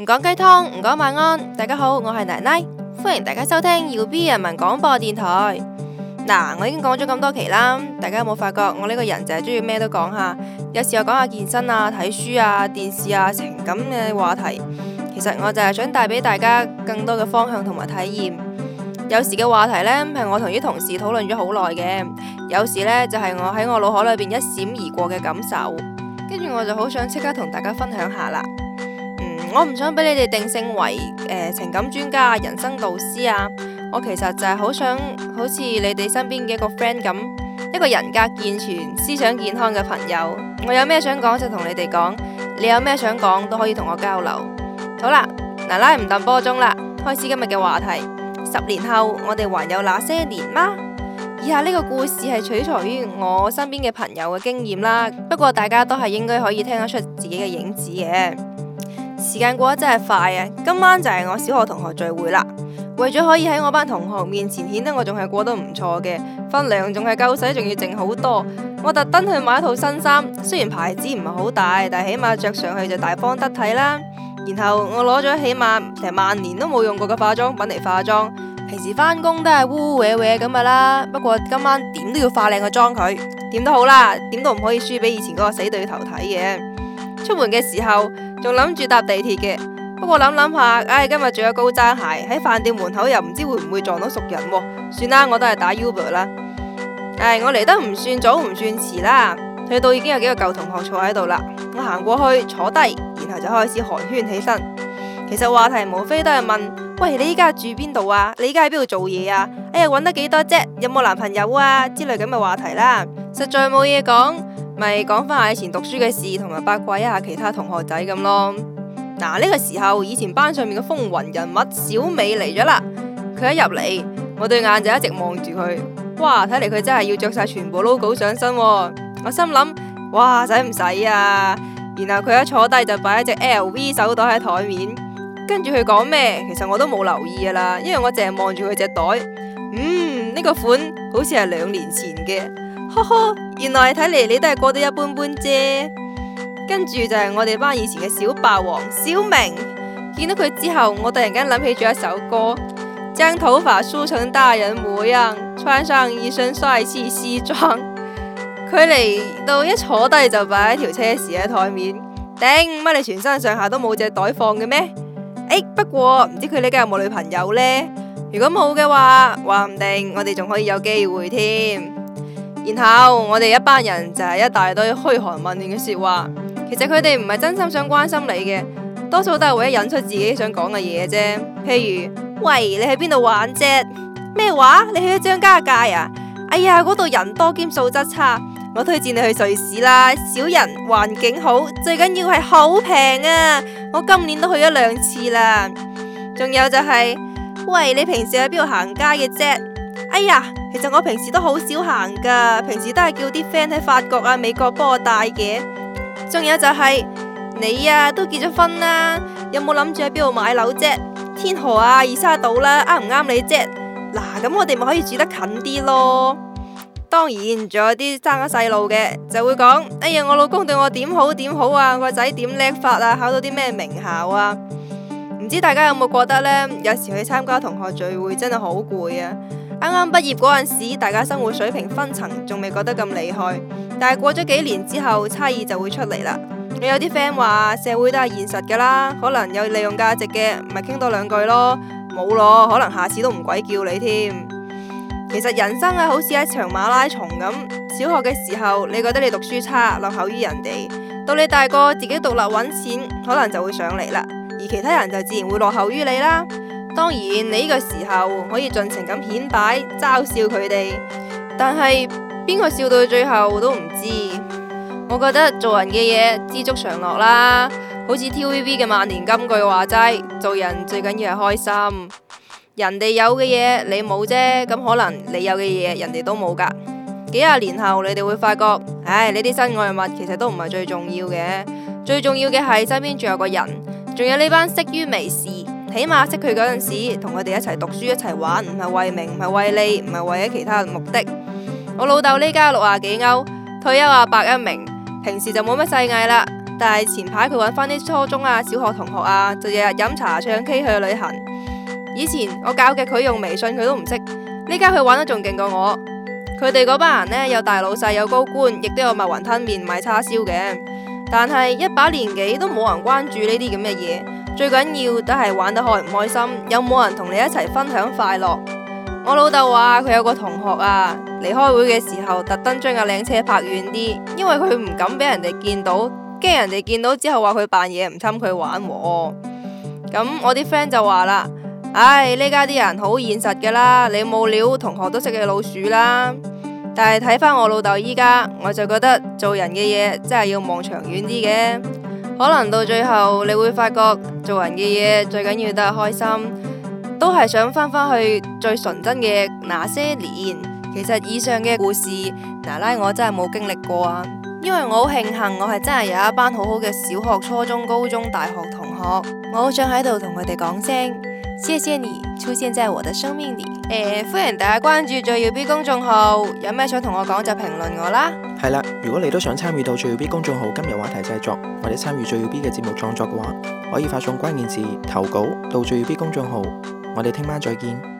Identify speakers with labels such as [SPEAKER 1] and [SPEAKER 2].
[SPEAKER 1] 唔講雞湯，唔講晚安，大家好，我係奶奶，歡迎大家收聽耀 B 人民廣播電台。嗱，我已經講咗咁多期啦，大家有冇發覺我呢個人就係中意咩都講下？有時候講下健身啊、睇書啊、電視啊、情感嘅話題，其實我就係想帶俾大家更多嘅方向同埋體驗。有時嘅話題呢，係我同啲同事討論咗好耐嘅，有時呢，就係我喺我腦海裏邊一閃而過嘅感受，跟住我就好想即刻同大家分享下啦。我唔想俾你哋定性為誒、呃、情感專家、人生導師啊，我其實就係好想好似你哋身邊嘅一個 friend 咁，一個人格健全、思想健康嘅朋友。我有咩想講就同你哋講，你有咩想講都可以同我交流。好啦，奶奶唔等波鐘啦，開始今日嘅話題。十年後，我哋還有那些年嗎？以下呢個故事係取材於我身邊嘅朋友嘅經驗啦，不過大家都係應該可以聽得出自己嘅影子嘅。時間過得真係快啊！今晚就係我小學同學聚會啦。為咗可以喺我班同學面前顯得我仲係過得唔錯嘅，分量仲係夠使，仲要剩好多。我特登去買一套新衫，雖然牌子唔係好大，但係起碼着上去就大方得體啦。然後我攞咗起碼成萬年都冇用過嘅化妝品嚟化妝，平時翻工都係污污歪歪咁噶啦。不過今晚點都要化靚個妝佢，點都好啦，點都唔可以輸俾以前嗰個死對頭睇嘅。出門嘅時候。仲諗住搭地鐵嘅，不過諗諗下，唉、哎，今日着咗高踭鞋喺飯店門口又唔知會唔會撞到熟人，啊，算啦，哎、我都係打 Uber 啦。唉，我嚟得唔算早唔算遲啦，去到已經有幾個舊同學坐喺度啦，我行過去坐低，然後就開始寒暄起身。其實話題無非都係問，喂，你依家住邊度啊？你依家喺邊度做嘢啊？哎呀，搵得幾多啫？有冇男朋友啊？之類咁嘅話題啦，實在冇嘢講。咪講翻下以前讀書嘅事，同埋八卦一下其他同學仔咁咯。嗱，呢個時候，以前班上面嘅風雲人物小美嚟咗啦。佢一入嚟，我對眼就一直望住佢。哇，睇嚟佢真係要着晒全部 logo 上身。我心諗，哇，使唔使啊？然後佢一坐低就擺一隻 LV 手袋喺台面，跟住佢講咩？其實我都冇留意噶啦，因為我淨係望住佢隻袋。嗯，呢個款好似係兩年前嘅。呵呵，原來睇嚟，你都係過得一般般啫。跟住就係我哋班以前嘅小霸王小明，見到佢之後，我突然間諗起咗一首歌，將頭髮梳成大人模樣，穿上一身帥氣西裝。佢嚟到一坐低就擺一條車匙喺台面，頂，乜你全身上下都冇隻袋放嘅咩？哎、欸，不過唔知佢呢家有冇女朋友呢？如果冇嘅話，話唔定我哋仲可以有機會添。然後我哋一班人就係一大堆噓寒問暖嘅說話，其實佢哋唔係真心想關心你嘅，多數都係為咗引出自己想講嘅嘢啫。譬如，喂，你喺邊度玩啫？咩話？你去咗張家界啊？哎呀，嗰度人多兼素質差，我推薦你去瑞士啦，少人，環境好，最緊要係好平啊！我今年都去咗兩次啦。仲有就係、是，喂，你平時喺邊度行街嘅啫？哎呀！其實我平時都好少行噶，平時都係叫啲 friend 喺法國啊、美國幫我帶嘅。仲有就係、是、你啊，都結咗婚啦，有冇諗住喺邊度買樓啫？天河啊、二沙島啦、啊，啱唔啱你啫？嗱，咁我哋咪可以住得近啲咯。當然，仲有啲生咗細路嘅，就會講哎呀，我老公對我點好點好啊，我個仔點叻法啊，考到啲咩名校啊？唔知大家有冇覺得呢？有時去參加同學聚會真係好攰啊！啱啱畢業嗰陣時，大家生活水平分層仲未覺得咁厲害，但係過咗幾年之後，差異就會出嚟啦。你有啲 friend 話社會都係現實噶啦，可能有利用價值嘅，咪傾多兩句咯。冇咯，可能下次都唔鬼叫你添。其實人生係好似一場馬拉松咁，小學嘅時候你覺得你讀書差，落後於人哋，到你大個自己獨立揾錢，可能就會上嚟啦，而其他人就自然會落後於你啦。當然，你呢個時候可以盡情咁顯擺，嘲笑佢哋，但係邊個笑到最後都唔知。我覺得做人嘅嘢，知足常樂啦，好似 TVB 嘅萬年金句話齋，做人最緊要係開心。人哋有嘅嘢你冇啫，咁可能你有嘅嘢人哋都冇噶。幾廿年後你哋會發覺，唉，呢啲身外物其實都唔係最重要嘅，最重要嘅係身邊仲有個人，仲有呢班識於微時。起碼識佢嗰陣時，同佢哋一齊讀書一齊玩，唔係為名唔係為利唔係為咗其他目的。我老豆呢家六啊幾歐，退休阿伯一名，平時就冇乜細藝啦。但係前排佢搵翻啲初中啊小學同學啊，就日日飲茶唱 K 去旅行。以前我教嘅佢用微信佢都唔識，呢家佢玩得仲勁過我。佢哋嗰班人呢，有大老細有高官，亦都有賣雲吞麵賣叉燒嘅。但係一把年紀都冇人關注呢啲咁嘅嘢。最緊要都係玩得開唔開心，有冇人同你一齊分享快樂？我老豆話佢有個同學啊，嚟開會嘅時候特登將架靚車拍遠啲，因為佢唔敢俾人哋見到，驚人哋見到之後話佢扮嘢唔侵佢玩。咁我啲 friend 就話啦：唉，呢家啲人好現實噶啦，你冇料同學都識嘅老鼠啦。但係睇返我老豆依家，我就覺得做人嘅嘢真係要望長遠啲嘅，可能到最後你會發覺。做人嘅嘢最緊要都係開心，都係想翻返去最純真嘅那些年。其實以上嘅故事，奶奶我真係冇經歷過啊，因為我好慶幸我係真係有一班好好嘅小學、初中、高中、大學同學，我好想喺度同佢哋講聲謝謝你。出現在我的生命裏。誒，hey, 歡迎大家關注最耀 B 公眾號，有咩想同我講就評論我啦。係啦，如果你都想參與到最耀 B 公眾號今日話題製作，或者參與最耀 B 嘅節目創作嘅話，可以發送關鍵字投稿到最耀 B 公眾號。我哋聽晚再見。